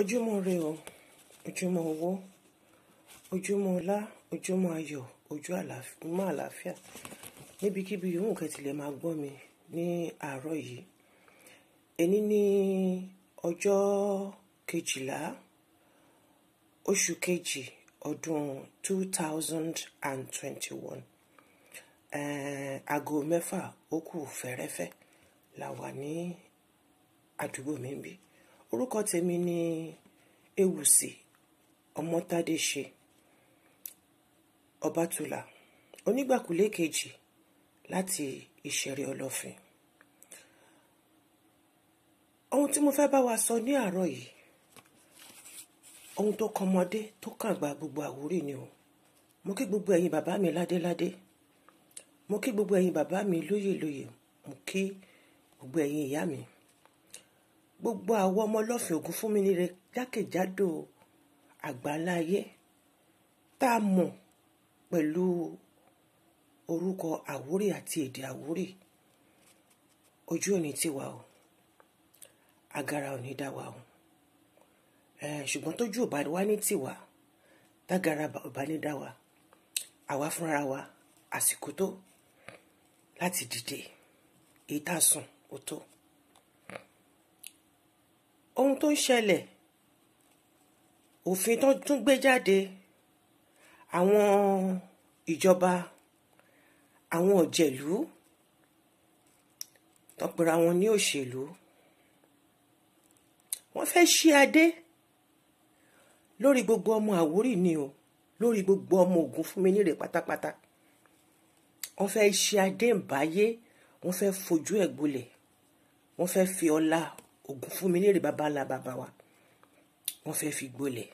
ojúmọ́ rẹ o ojúmọ́ owó ojúmọ́ ọlá ojúmọ́ ayọ̀ ojú àlàfíà àlàáfíà níbikíbi yòówù kẹtìlẹ̀ máa gbọ́ mi ní àárọ̀ yìí èní ní ọjọ́ kejìlá oṣù kejì ọdún two thousand and aago mẹ́fà ó kù fẹ́rẹ́fẹ́ la wà ní àdúgbò mi bíi orúkọ tèmi ni ewùsì ọmọtádéṣe ọbátulà onígbàkulé kejì láti ìṣẹ̀rí ọlọ́fin ohun tí mo fẹ́ bá wa sọ ní àárọ̀ yìí ohun tó kọmọdé tó kàn gba gbogbo àwórí ni o mo kí gbogbo ẹ̀yin bàbá mi ládéládé mo kí gbogbo ẹ̀yin bàbá mi lóyèlóyè mo kí gbogbo ẹ̀yin ìyá mi gbogbo àwọn ọmọ lọ́fẹ̀ẹ́ ògún fún mi nire jákèjádò àgbáńlá ayé tá a mọ̀ pẹ̀lú orúkọ àwórì àti èdè àwórì ojú òní ti o agara òní dá wa o ṣùgbọ́n tójú ò bá wá ní tiwa tágara ò bá ní dá wa àwa fúnra wa àsìkò tó láti dìde èyí tá a sùn ó tó ohun tó ń ṣẹlẹ̀ òfin tó tún gbé jáde àwọn ìjọba àwọn òjèlú tọpẹ̀rẹ̀ àwọn ní òṣèlú wọ́n fẹ́ ṣí adé lórí gbogbo ọmọ Àwórì ni o lórí gbogbo ọmọ Ògùn fún mi nírè pátápátá wọ́n fẹ́ ṣí adé ń báyé wọ́n fẹ́ fojú ẹ̀ gbolẹ̀ wọ́n fẹ́ fi ọlá ògùn fún mi léèrè bàbá ńlá bàbá wa wọ́n fẹ́ fi gbolẹ̀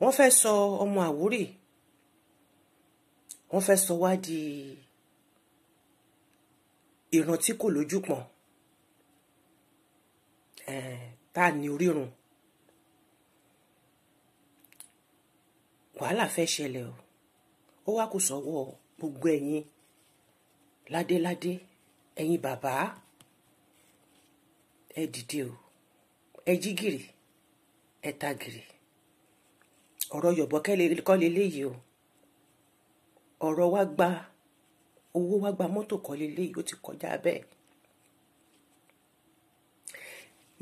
wọ́n fẹ́ sọ ọmọ àwórì wọ́n fẹ́ sọ wá di ìran tí kò lójú pọ̀n tá a ní orírun wàhálà fẹ́ ṣẹlẹ̀ o ó wá kù sọ́wọ́ gbogbo ẹ̀yin ládéládé. Lade, lade ẹ̀yin bàbá ẹ dìde o ẹ jí gìrì ẹ ta gìrì ọ̀rọ̀ yọ̀bọ̀kẹ́ kọ́ leléyìí o ọ̀rọ̀ wa gba owó wa gba mọ́tò kọ́ leléyìí ó ti kọjá bẹ́ẹ̀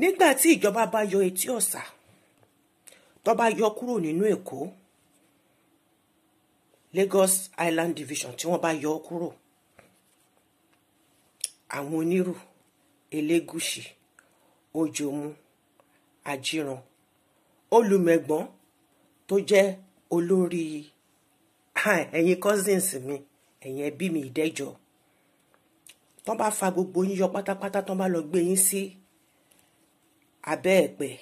nígbà tí ìjọba bá yọ etí ọ̀sà tó yọ kúrò nínú èkó Lagos Island Division tí wọ́n bá yọ kúrò àwọn onírù elégùṣì òjòmu àjíran olùmẹ̀gbọ́n tó jẹ́ olórí ah, ẹ̀yin cousins mi ẹ̀yin ẹbí mi ìdẹ́jọ tán bá fa gbogbo yín yọ pátápátá tán bá lọ gbé yín sí abẹ́ ẹ̀pẹ́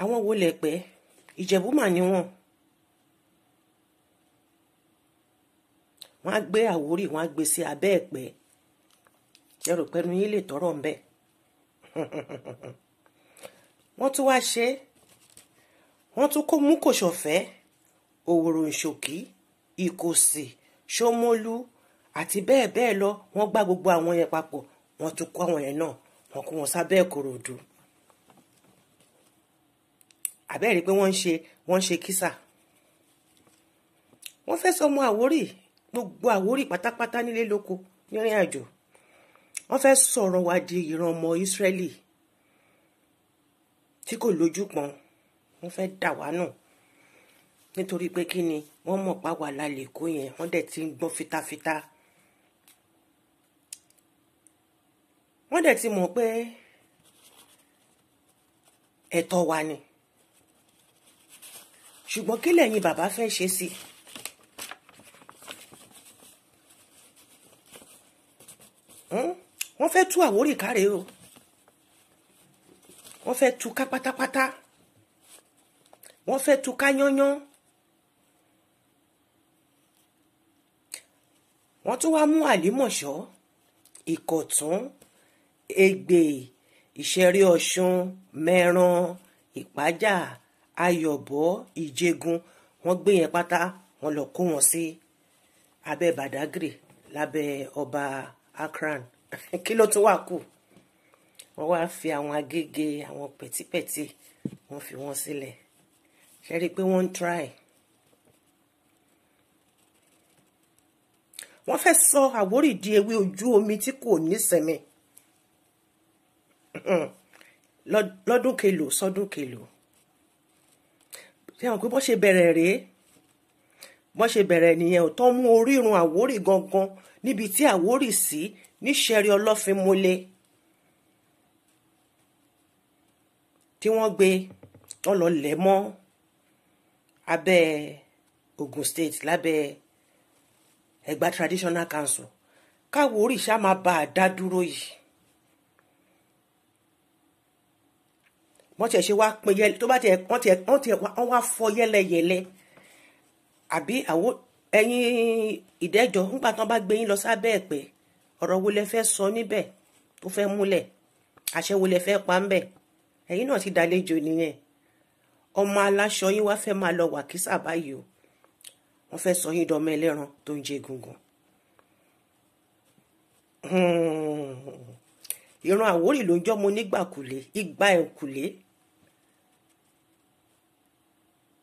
àwọn wo lẹ̀pẹ́ ìjẹ̀bú mà ni wọ́n wọ́n á gbé àwórí wọ́n á gbé sí abẹ́ ẹ̀pẹ́ ẹ rò pé ẹnu yín lè tọrọ ń bẹ wọ́n tún wá ṣe wọ́n tún kó mú kòṣọ̀fẹ́ òwòrò ìṣòkí ìkòsì ṣómólú àti bẹ́ẹ̀ bẹ́ẹ̀ lọ wọ́n gbá gbogbo àwọn yẹn papọ̀ wọ́n tún kó àwọn yẹn náà wọ́n kó wọn sábẹ́ ìkòròdú àbẹ́ẹ̀rí pé wọ́n ń ṣe wọ́n ń ṣe kísà wọ́n fẹ́ sọmọ àwórì gbogbo àwórì pátápátá nílé lóko nírìn àjò wọ́n fẹ́ sọ̀rọ̀ wa di ìran ọmọ Ísírẹ́lì tí kò lójú pọn wọ́n fẹ́ dà wá nù nítorí pé kí ni wọ́n mọ̀ pa wà lálẹ́ kó yẹn wọ́n dẹ̀ ti ń gbọ́ fitafita wọ́n dẹ̀ ti mọ̀ pé ẹ̀tọ́ wa ni ṣùgbọ́n kí lẹ̀yin bàbá fẹ́ ṣe sí i. Hmm? wọ́n fẹ́ tú Àwórì káre o wọ́n fẹ́ tú ká pátápátá wọ́n fẹ́ tú ká yányán wọ́n tún wá mú àlímọ̀ṣọ́ ìkọ̀tún ègbè ìṣẹ̀rí ọ̀ṣun mẹ́ran ìpájà ayọ̀bọ ìjẹgun wọ́n gbé yẹn pátá wọ́n lọ kó wọn sí abẹ́ Badagry lábẹ́ ọba Akran. kí ló tún wà kù wọ́n wá fi àwọn agége àwọn pẹ̀típẹ̀tì wọ́n fi wọ́n sílẹ̀ ṣe rí i pé wọ́n ń try. wọ́n fẹ́ sọ Àwórì di ewé ojú omi tí kò nísinmi lọ́dún kelò sọ́dún kelò ṣé wọn pé bó ṣe bẹ̀rẹ̀ rèé bó ṣe bẹ̀rẹ̀ nìyẹn ò tán mú orírun Àwórì gangan níbi tí Àwórì sí níṣẹ̀rí ọlọ́fínmúlé tí wọ́n gbé wọ́n lọ lẹ̀ mọ́ abẹ́ Ogun State lábẹ́ Ẹ̀gbá Traditional Council káwo òrìṣà máa bá a dá dúró yìí wọ́n tiẹ̀ ṣe wá pin yẹlẹ tó bá tiẹ̀ wọ́n tiẹ̀ wọ́n tiẹ̀ wọ́n wá fọ yẹ́lẹyẹ̀lẹ àbí àwọn ẹ̀yin ìdẹ́jọ́ ńgbà tán bá gbé yín lọ sábẹ́ ẹ̀pẹ́ ọ̀rọ̀ wo lẹ fẹ́ sọ níbẹ̀ tó fẹ́ múlẹ̀ àṣẹ wo lẹ fẹ́ pa ń bẹ̀ ẹ̀yin náà ti dàlejò nìyẹn ọmọ aláṣọ yín wá fẹ́ máa lọ wàkísà báyìí o wọ́n fẹ́ sọ yín dọmọ ẹlẹ́ran tó ń jẹ egungun hmm. ìran àwórì ló ń jọ́mọ onígbàkulé igba ẹ̀kùlé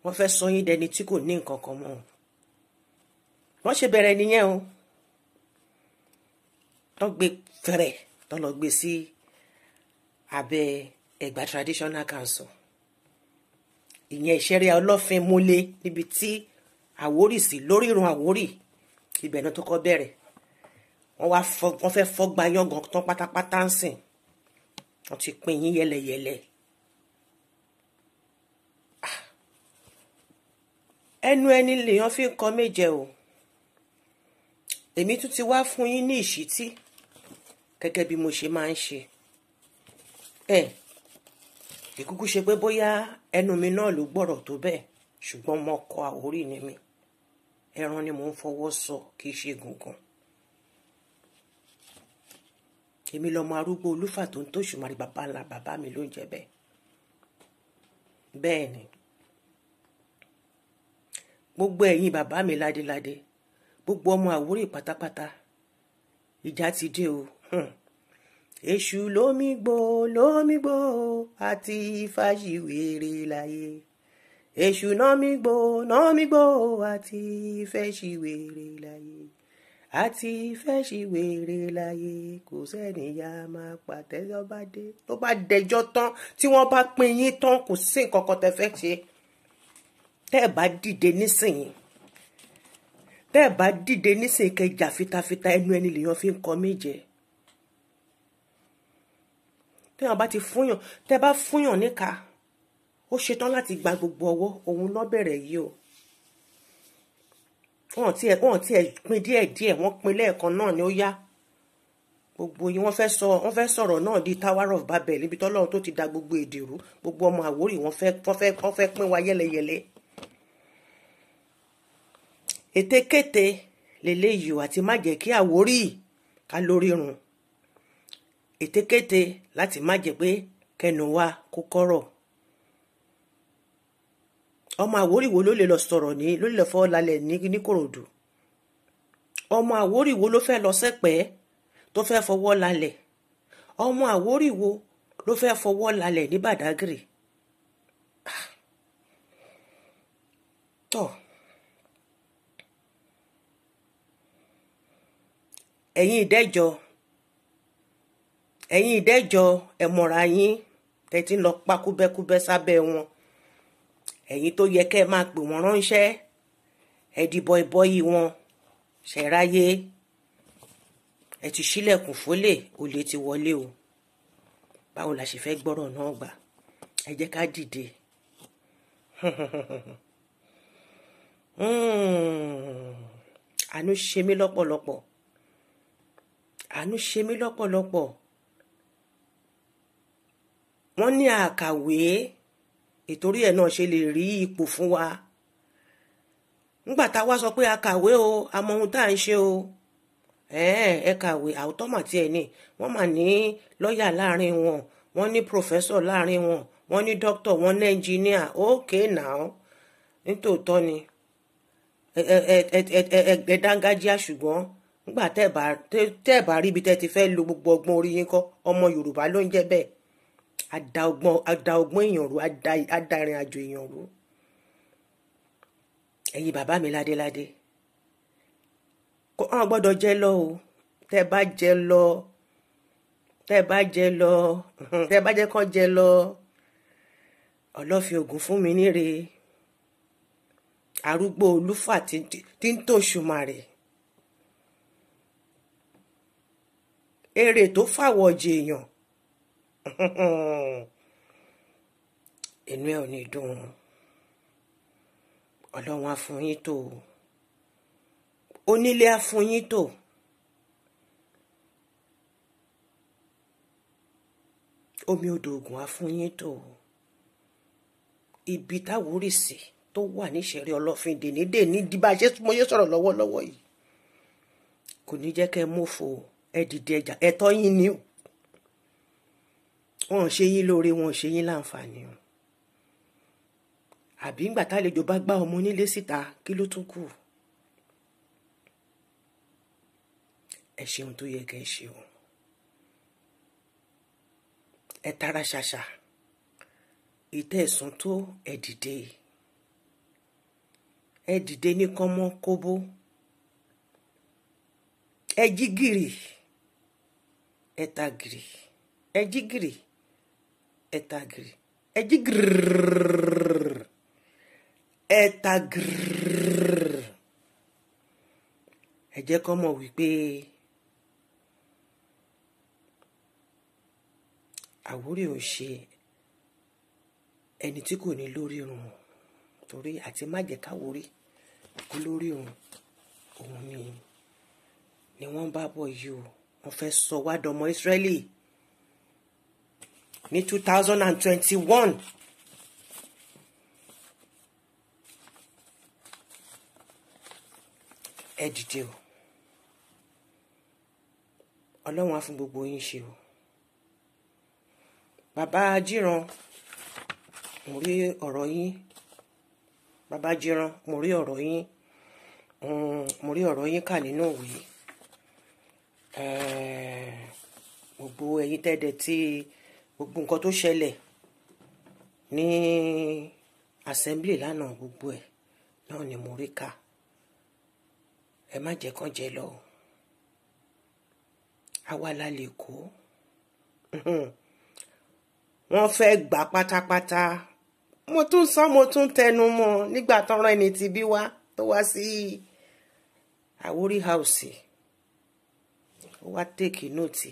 wọ́n fẹ́ sọ yín dẹni tí kò ní nǹkan kan mọ́ wọ́n ṣe bẹ̀rẹ̀ nìyẹn o tán gbé fẹrẹ tán lọ gbé sí abẹ́ Ẹ̀gbá traditional council ìyẹn ìṣẹ̀rẹ̀ ọlọ́fin múlé níbi tí àwórì sí lórí irun àwórì ibẹ̀ náà tó kọ́ bẹ̀rẹ̀ wọ́n wá fọ́ wọ́n fẹ́ fọ́gba yángàn tán pátápátá ń sìn wọ́n ti pín yín yẹlẹyẹlẹ. Ah! ẹnu ẹni lèèyàn fi ń kọ méje o èmi tún ti wá fún yín ní ìṣítí gẹ́gẹ́ bí mo ṣe máa ń ṣe ẹ ìkúkú ṣe pé bóyá ẹnu mi náà ló gbọ́rọ̀ tó bẹ́ẹ̀ ṣùgbọ́n mo kọ àwórí ni mi ẹran ni mò ń fọwọ́ sọ kì í ṣe gungun èmi lọmọ arúgbó olúfà tó ń tó ṣùmọ́rí bàbá ńlá bàbá mi ló ń jẹ bẹ́ẹ̀ bẹ́ẹ̀ ni gbogbo ẹ̀yin bàbá mi ládéládé gbogbo ọmọ àwórì pátápátá ìjà ti dé o èṣù lómígbò lómígbò àti fàṣìwèrè láyé èṣù nọ́mígbò nọ́mígbò àti fẹ́ṣìwèrè láyé àti fẹ́ṣìwèrè láyé kò sẹ́niyà máa pàtẹ́ lọ́ba dé ló bá dẹjọ́ tán tí wọ́n bá pín yín tán kò sí nǹkan kan tẹ́ fẹ́ ṣe tẹ́ ẹ̀ bá dìde nísìnyí tẹ́ ẹ̀ bá dìde nísìnyí kẹjà fitafita ẹnu ẹni lèèyàn fi ń kọ mí jẹ́ téèyàn bá ti fúnyàn tẹ bá fúnyàn níka ó ṣetán láti gba gbogbo ọwọ́ òun ló yìí o wọn tiẹ̀ wọn tiẹ̀ pin díẹ̀ díẹ̀ wọ́n pin lẹ́ẹ̀kan náà ni ó yá gbogbo yìí wọ́n fẹ́ sọ wọ́n fẹ́ sọ̀rọ̀ náà di Tower of Babel níbi tọ́lọ́run tó ti da gbogbo èdè rú gbogbo ọmọ Àwórì wọ́n fẹ́ wọ́n fẹ́ wọ́n fẹ́ pín wa yẹlẹyẹlẹ ètekéte lèléyìí àti má jẹ́ kí Àwórì ká lórí run ètekéte láti má jẹ́ pé kẹnu wa kó kọ́rọ̀ ọmọ àwòrìwò ló lè lọ sọ̀rọ̀ ní ló lè lọ fọ́ lálẹ́ ní nìkòròdú ọmọ àwòrìwò ló fẹ́ lọ sẹ́pẹ́ tó fẹ́ fọwọ́ lálẹ́ ọmọ àwòrìwò ló fẹ́ fọwọ́ lálẹ́ ní Bàdágìrì tọ́ ẹ̀yin ìdẹ́jọ́ ẹ̀yin ìdẹ́jọ ẹ̀mọ̀ra yín tẹ́tí lọ pa kúbẹ́kúbẹ́ sábẹ́ wọn ẹ̀yin tó yẹ kẹ́ ẹ máa pè wọ́n ránṣẹ́ ẹ̀dìbọ̀ ìbọyì wọn ṣẹ̀ráyé ẹ ti ṣílẹ̀kùn fólè olè ti wọlé o báwo la ṣe fẹ́ gbọ́rọ̀ náà gbà ẹ jẹ́ ká dìde hmm. àánú ṣe mí lọ́pọ̀lọpọ̀ àánú ṣe mí lọ́pọ̀lọpọ̀ wọ́n ní àkàwé ìtorí ẹ̀ náà ṣe lè rí ipò fún wa nígbà tá a wá sọ pé a kàwé o a mọ ohun tá à ń ṣe o ẹ kàwé àwùtọ́ mà tiẹ̀ ní wọ́n mà ní lọ́ọ̀yà láàrin wọn wọ́n ní pòfẹ́sọ̀ láàrin wọn wọ́n ní dókítà wọ́n ní ẹnjìníà ókè náà nítòótọ́ ni ẹ dángájíá ṣùgbọ́n nígbà tẹ́ ẹ bá ríbi tẹ́ ti fẹ́ lo gbogbo ọgbọ́n orí yín kọ́ ọmọ Yorùbá ló ń jẹ́ bẹ́ẹ̀ ada ọgbọ́n ada ọgbọ́n èèyàn ru ada ìrìn àjò èèyàn ru ẹ̀yin baba mi ládéládé kò hàn gbọ́dọ̀ jẹ lọ o tẹ́ bá jẹ lọ tẹ́ bá jẹ lọ tẹ́ bá jẹ kán jẹ lọ ọlọ́fin ògùn fún mi níre arúgbó olúfà tí ń tòṣùmà rẹ̀ èrè tó fàwọ̀ jèèyàn inú ẹ ò ní dùn ọlọ́run á fún yín tò onílé á fún yín omi odò ògùn á fún yín tò ibi táwórì sí tó wà níṣẹ̀rí ọlọ́fin dènídè ní bá a ṣe mo yé sọ̀rọ̀ lọ́wọ́lọ́wọ́ yìí kò ní jẹ́ kẹ́ ẹ ẹ dìde ẹja ẹ̀tọ́ yín ni o wọn ò ṣe yín lóore wọn ò ṣe yín láǹfààní o àbí ńgbà tálejò bá gbá ọmọ onílé síta kí ló tún kù ẹ ṣeun tó yẹ kẹ́ ẹ ṣe o ẹ tara ṣàṣà ìtẹ̀sùn tó ẹ dìde ẹ dìde ní kánmọ́ kóbó ẹ jí gìrì ẹ ta gìrì ẹ jí gìrì. Etagri, ta gírì ẹ jí gírì ẹ ta gírì ẹ jẹ́ kọ́ mọ̀ wípé Àwórì ò ṣe ẹni tí kò ní lórí irun torí àti má jẹ́ káwórí kó lórí irun òun ni ni wọ́n bá bọ̀ yìí o wọ́n fẹ́ sọ wá ní two thousand and twenty-one. ẹ dìde o ọlọ́run á fún gbogbo yín ṣe o bàbá jíran mo rí ọ̀rọ̀ yín bàbá jíran mo rí ọ̀rọ̀ yín mm, mo rí ọ̀rọ̀ yín kà nínú òwe gbogbo ẹ̀yin tẹ́ẹ̀dẹ̀ tí. Uh, gbogbo nǹkan tó ṣẹlẹ̀ ní assembly lánàá gbogbo ẹ̀ náà ni mo rí kà ẹ má jẹ́ kán jẹ lọ àwa la lè kó wọ́n fẹ́ gbà pátápátá mo tún sọ mo tún tẹnu mọ́ nígbà tọrọ ẹni tí bí wá tó wá sí Àwórì house ó wá take note.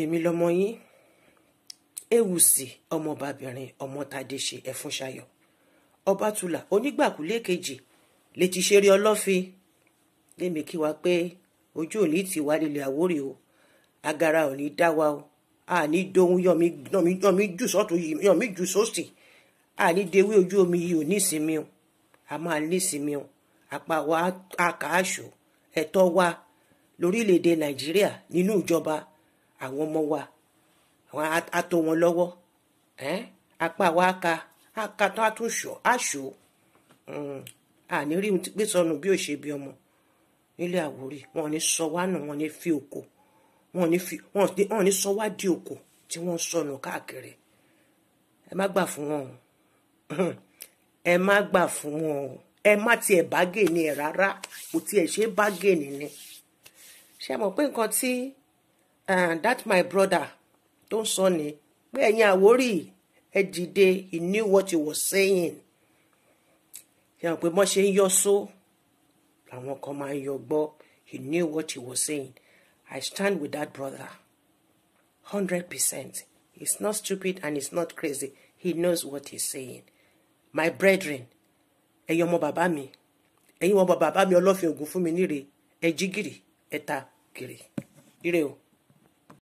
èmi lọmọ yín ewùsì ọmọbabìnrin ọmọtadéṣe ẹfúnṣayọ ọbátúlà onígbàkúlé kejì lè ti ṣeré ọlọ́fin lèmi kí wa pé ojú òní ti wá nílé àwórè o agara òní dá wa o àní dohun yọmí jù sọ́tún yọmí jù sósì àní dewé ojú omi yìí ò ní ìsinmi o a máa ní ìsinmi o apá wa a kà á ṣò ẹ̀tọ́ wa lórílẹ̀‐èdè nàìjíríà nínú ìjọba àwọn ọmọ wa àwọn ató wọn lọ́wọ́ apá wa ka aka tó àtúnṣọ àṣọ àní mm, rí gbé sọnù bí ò ṣe bí ọmọ nílé Àwórì wọn ò ní sọ wá nù wọn ò ní fi òkò wọn ò ní sọ wá di òkò tí wọ́n sọnù káàkiri ẹ má gbà fún wọn o ẹ má gbà fún wọn o ẹ má tiẹ̀ bá gèèní ẹ̀ rárá kò tiẹ̀ ṣe bá gèèní ni ṣe mọ̀ pé nǹkan tí. and that my brother don't sonny. When you are worried, every day he knew what he was saying yàrá pé bọ́n your soul, i só làwọn kan máa ń yọ he knew what he was saying I stand with that brother hundred percent he's not stupid and he's not crazy he knows what he's saying my brethren ẹ̀yin ọmọ bàbá mi ẹ̀yin ọmọ bàbá mi ọlọ́fin ògùn fún mi níre ẹ jí gìrì ẹ ta gìrì You know.